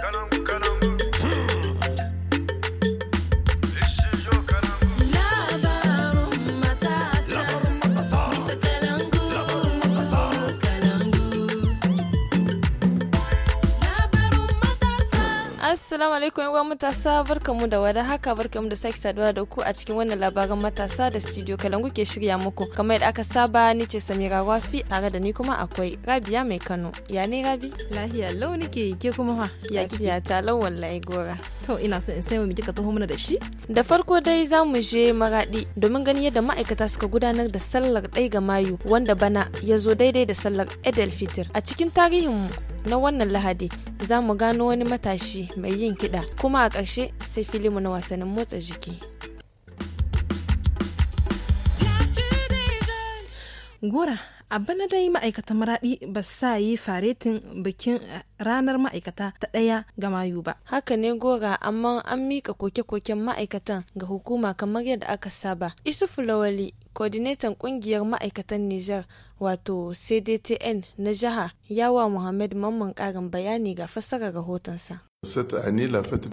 Colombia. Assalamu alaikum yawan matasa barkamu da wada haka barkamu da sake saduwa da ku a cikin wannan labaran matasa da studio Kalangu ke shirya muku. Kamar yadda aka saba ni ce Samira Wafi tare da ni kuma akwai Rabia Mai Kano. Ya ne Rabi? Lahiya lau nake ke kuma ha. Ya kike? ta lau wallahi gora. To ina so in sai mu kika taho mana da shi. Da farko dai za mu je maradi domin ganin yadda ma'aikata suka gudanar da sallar ɗai ga Mayu wanda bana ya zo daidai da sallar edelfitir A cikin tarihin mu na wannan lahadi za mu gano wani matashi mai yin kiɗa kuma a ƙarshe sai filimu na wasannin motsa jiki. Gora, a bana dai ma'aikatan maraɗi ba sa yi faretin bikin eh, ranar ma'aikata ta ɗaya ga Mayu ba. Haka ne gora amma an mika koke-koken ma'aikatan ga hukuma kamar yadda aka saba. Isufu Lawali coordinator kungiyar ma'aikatan Nijar wato CDTN na jiha yawa Muhammad Mamman karin bayani ga fassara rahotonsa.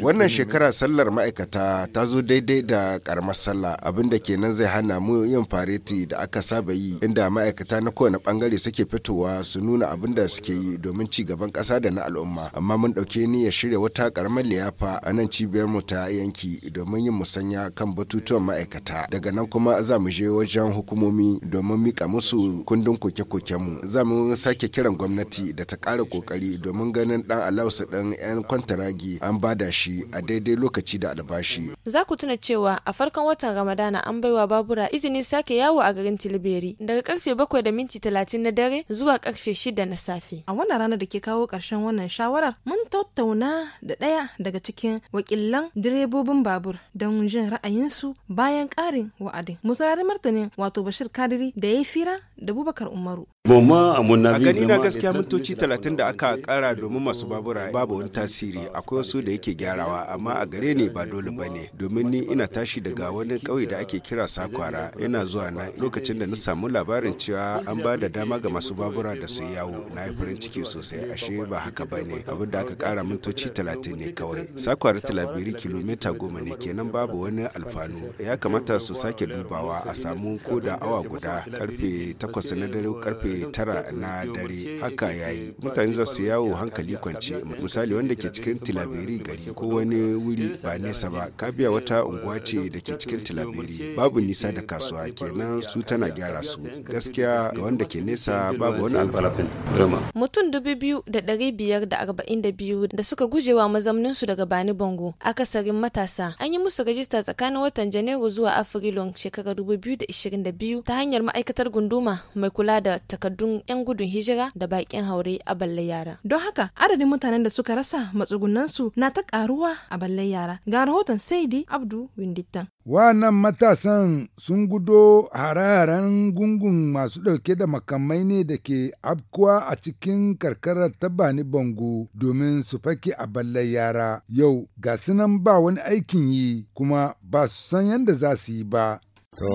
Wannan shekara sallar ma'aikata ta zo daidai da karamar sallah abinda kenan zai hana mu yin fareti da aka saba yi inda ma'aikata na kowane bangare suke fitowa su nuna abinda suke yi domin ci gaban kasa da na al'umma amma mun dauke ni ya shirya wata karamar liyafa a nan cibiyar mu ta yanki domin yin musanya kan batutuwan ma'aikata daga nan kuma za mu je wajen hukumomi domin mika musu kundin koke-koken mu za mu sake kiran gwamnati da ta kara kokari domin ganin dan alausu ɗin 'yan kwantara rage an bada shi a daidai lokaci da albashi. Za ku tuna cewa a farkon watan Ramadana an baiwa babura izinin sake yawo a garin Tilberi daga karfe bakwai da minti talatin na dare zuwa karfe shida na safe. A wannan ranar da ke kawo ƙarshen wannan shawarar mun tattauna da ɗaya daga cikin wakilan direbobin babur don jin ra'ayinsu bayan ƙarin wa'adin. Musarari martanin wato Bashir Kadiri da ya fira da Bubakar Umaru. a gani na gaskiya mintoci talatin da aka kara domin masu babura babu wani tasiri akwai wasu da yake gyarawa amma a gare ne ba dole ba ne domin ni ina tashi daga wani kauye da ake kira sakwara yana zuwa na lokacin da na samu labarin cewa an ba da dama ga masu babura da su yawo na yi farin ciki sosai ashe ba haka ba ne abin da aka kara mintoci talatin ne kawai sakwara talabiri kilomita goma ne kenan babu wani alfanu ya kamata su sake dubawa a samu ko da awa guda karfe takwas na dare karfe tara na dare haka yayi mutane za su yawo hankali kwance misali wanda ke cikin tilaberi gari ko wani wuri ba nesa ba kabiya wata unguwa ce da ke cikin tilaberi babu nisa da kasuwa kenan su tana gyara su gaskiya ga wanda ke nesa babu wani alfanu mutum dubu biyu da ɗari biyar da arba'in da biyu da suka gujewa su daga bani bango akasarin matasa an yi musu rajista tsakanin watan janairu zuwa afrilun shekarar dubu biyu da da ishirin biyu ta hanyar ma'aikatar gunduma mai kula da takardu takardun 'yan gudun hijira da bakin haure a balle yara. Don haka adadin mutanen da suka rasa matsugunansu na ta karuwa a balle yara. Ga rahoton Saidi Abdu Windittan. Wannan matasan sun gudo hararen gungun masu ɗauke da makamai ne da ke afkuwa a cikin karkarar tabani bango domin su fake a balle yara. Yau ga sunan ba wani aikin yi kuma ba su san yadda za su yi ba To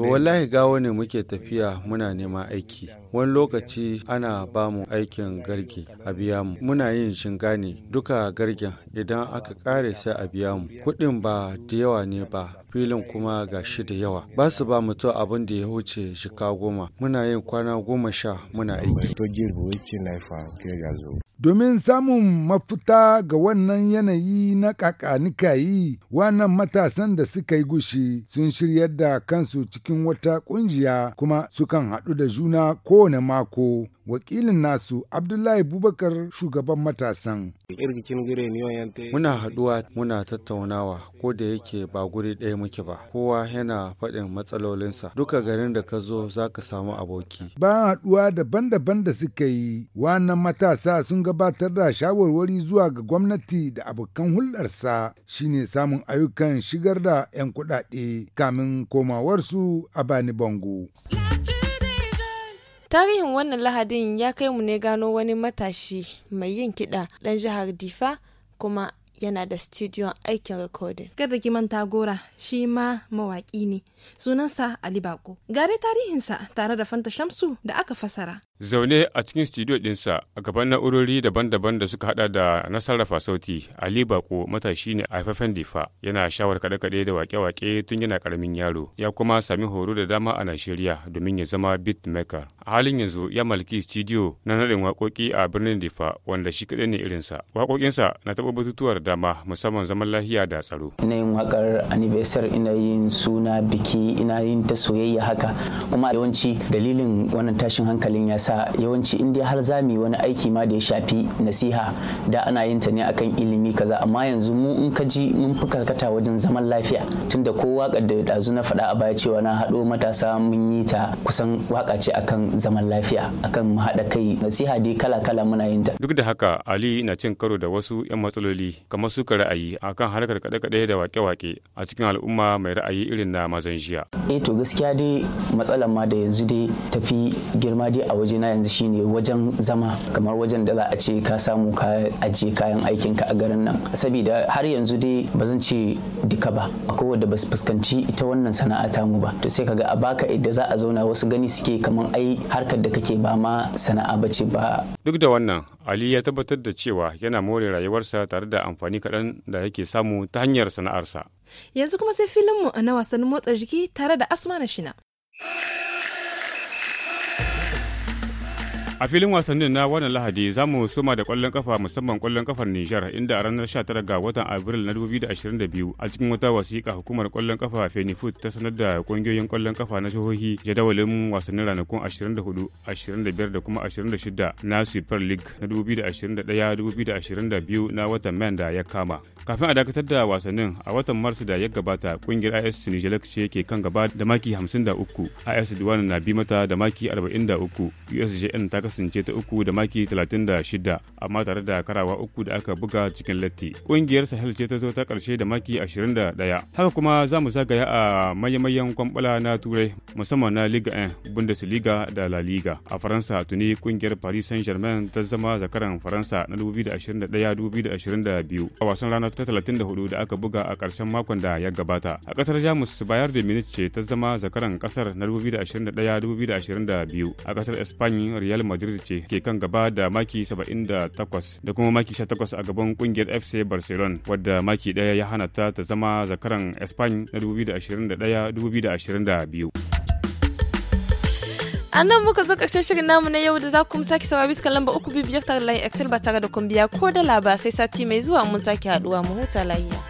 wallahi gawo ne muke tafiya muna nema aiki. Wani lokaci ana ba mu aikin garge a biya mu. Muna yin shinga ne duka garge idan aka kare sai a biya mu. Kuɗin ba da yawa ne ba filin kuma ga shi da yawa ba su ba mutum abin da ya wuce shika goma muna yin kwana goma sha muna aiki domin samun mafita ga wannan yanayi na kakanikayi wannan matasan da suka yi gushi sun shiryar da kansu cikin wata kungiya kuma sukan haɗu da juna kowane mako wakilin nasu abdullahi bubakar shugaban matasan muna haɗuwa muna tattaunawa ko da yake ba guri ɗaya muke ba kowa yana faɗin matsalolinsa duka garin da ka zo za ka samu aboki bayan haɗuwa daban-daban da suka yi wannan matasa sun gabatar da shawarwari zuwa ga gwamnati da abokan hulɗarsa shine samun ayyukan shigar da 'yan kuɗaɗe kamin komawarsu a bani bango. Tarihin wannan lahadin ya kai mu ne gano wani matashi mai yin kiɗa ɗan jihar Difa kuma yana da studion aikin rikodin. ki manta gora shi ma mawaƙi ne, sunansa Ali Bako. Gare tarihinsa tare da Fanta Shamsu da aka fasara. Zaune a cikin studio ɗinsa a gaban na'urori daban-daban da suka hada da na sarrafa sauti, Ali Bako matashi ne a haifafen difa yana shawar kaɗe-kaɗe da wake-wake tun yana ƙaramin yaro. Ya kuma sami horo da dama a Najeriya domin ya zama beat maker. A halin yanzu ya malki studio na naɗin waƙoƙi a birnin difa wanda shi kaɗai ne irinsa. Waƙoƙinsa na taɓa batutuwar dama musamman zaman lahiya da tsaro. Ina yin waƙar anniversary ina yin suna biki ina yin ta soyayya haka kuma yawanci dalilin wannan tashin hankalin ya sa sa yawanci in dai har za mu yi wani aiki ma da ya shafi nasiha da ana yin ta ne akan ilimi kaza amma yanzu mu in ka ji mun fi karkata wajen zaman lafiya tunda ko wakar da dazu na faɗa a baya cewa na haɗo matasa mun yi ta kusan waka ce akan zaman lafiya akan mu haɗa kai nasiha dai kala kala muna yin ta. Duk da haka Ali na cin karo da wasu 'yan matsaloli kamar suka ra'ayi akan harkar kaɗe-kaɗe da wake-wake a cikin al'umma mai ra'ayi irin na mazan jiya. Eh to gaskiya dai matsalar ma da yanzu dai tafi girma dai a wajen na yanzu shine wajen zama kamar wajen da za a ce ka samu ka ajiye kayan aikin ka a garin nan saboda har yanzu dai ba zan ce duka ba akwai wanda ba su fuskanci ita wannan sana'a ta mu ba to sai kaga a baka idan za a zauna wasu gani suke kamar ai harkar da kake ba ma sana'a ba ce ba duk da wannan Ali ya tabbatar da cewa yana more rayuwarsa tare da amfani kaɗan da yake samu ta hanyar sana'arsa. Yanzu kuma sai filin filinmu na wasan motsa jiki tare da Asma na Shina. A filin wasannin na wannan Lahadi za mu soma da kwallon kafa musamman kwallon kafar Nijar inda a ranar 19 ga watan Abril na 2022 a cikin wata wasiƙa hukumar kwallon kafa Fenifood ta sanar da kungiyoyin kwallon kafa na jihohi jadawalin wasannin ranakun 24, 25 da kuma 26 na Super League na 2021-2022 na watan Man da ya kama. Kafin a dakatar da wasannin a watan Mars da ya gabata kungiyar IS Nijalek ce ke kan gaba da maki 53, IS duwan na bi mata da maki 43, USJN ta kasance ta uku da maki 36 amma tare da karawa uku da aka buga cikin latti ƙungiyar sahel ce ta zo ta karshe da maki 21 haka kuma za mu zagaya a mayamayan kwambala na turai musamman na liga 1 bundesliga da la liga a faransa tuni ƙungiyar paris saint germain ta zama zakaran faransa na 2021-2022 a wasan rana ta 34 da aka buga a karshen makon da ya gabata a ƙasar jamus bayar da munich ce ta zama zakaran kasar na 2021-2022 a ƙasar spain real madrid madrid ce ke kan gaba da maki 78 da kuma maki 18 a gaban kungiyar fc barcelona wadda maki daya ya hana ta ta zama zakaran spain na 2021-2022 a nan muka zo ƙarshen shirin namu na yau da za ku sake saurari bisa lamba uku biyar tare layin excel ba tare da kumbiya ko da labarai sai sati mai zuwa mun sake haduwa mu huta lafiya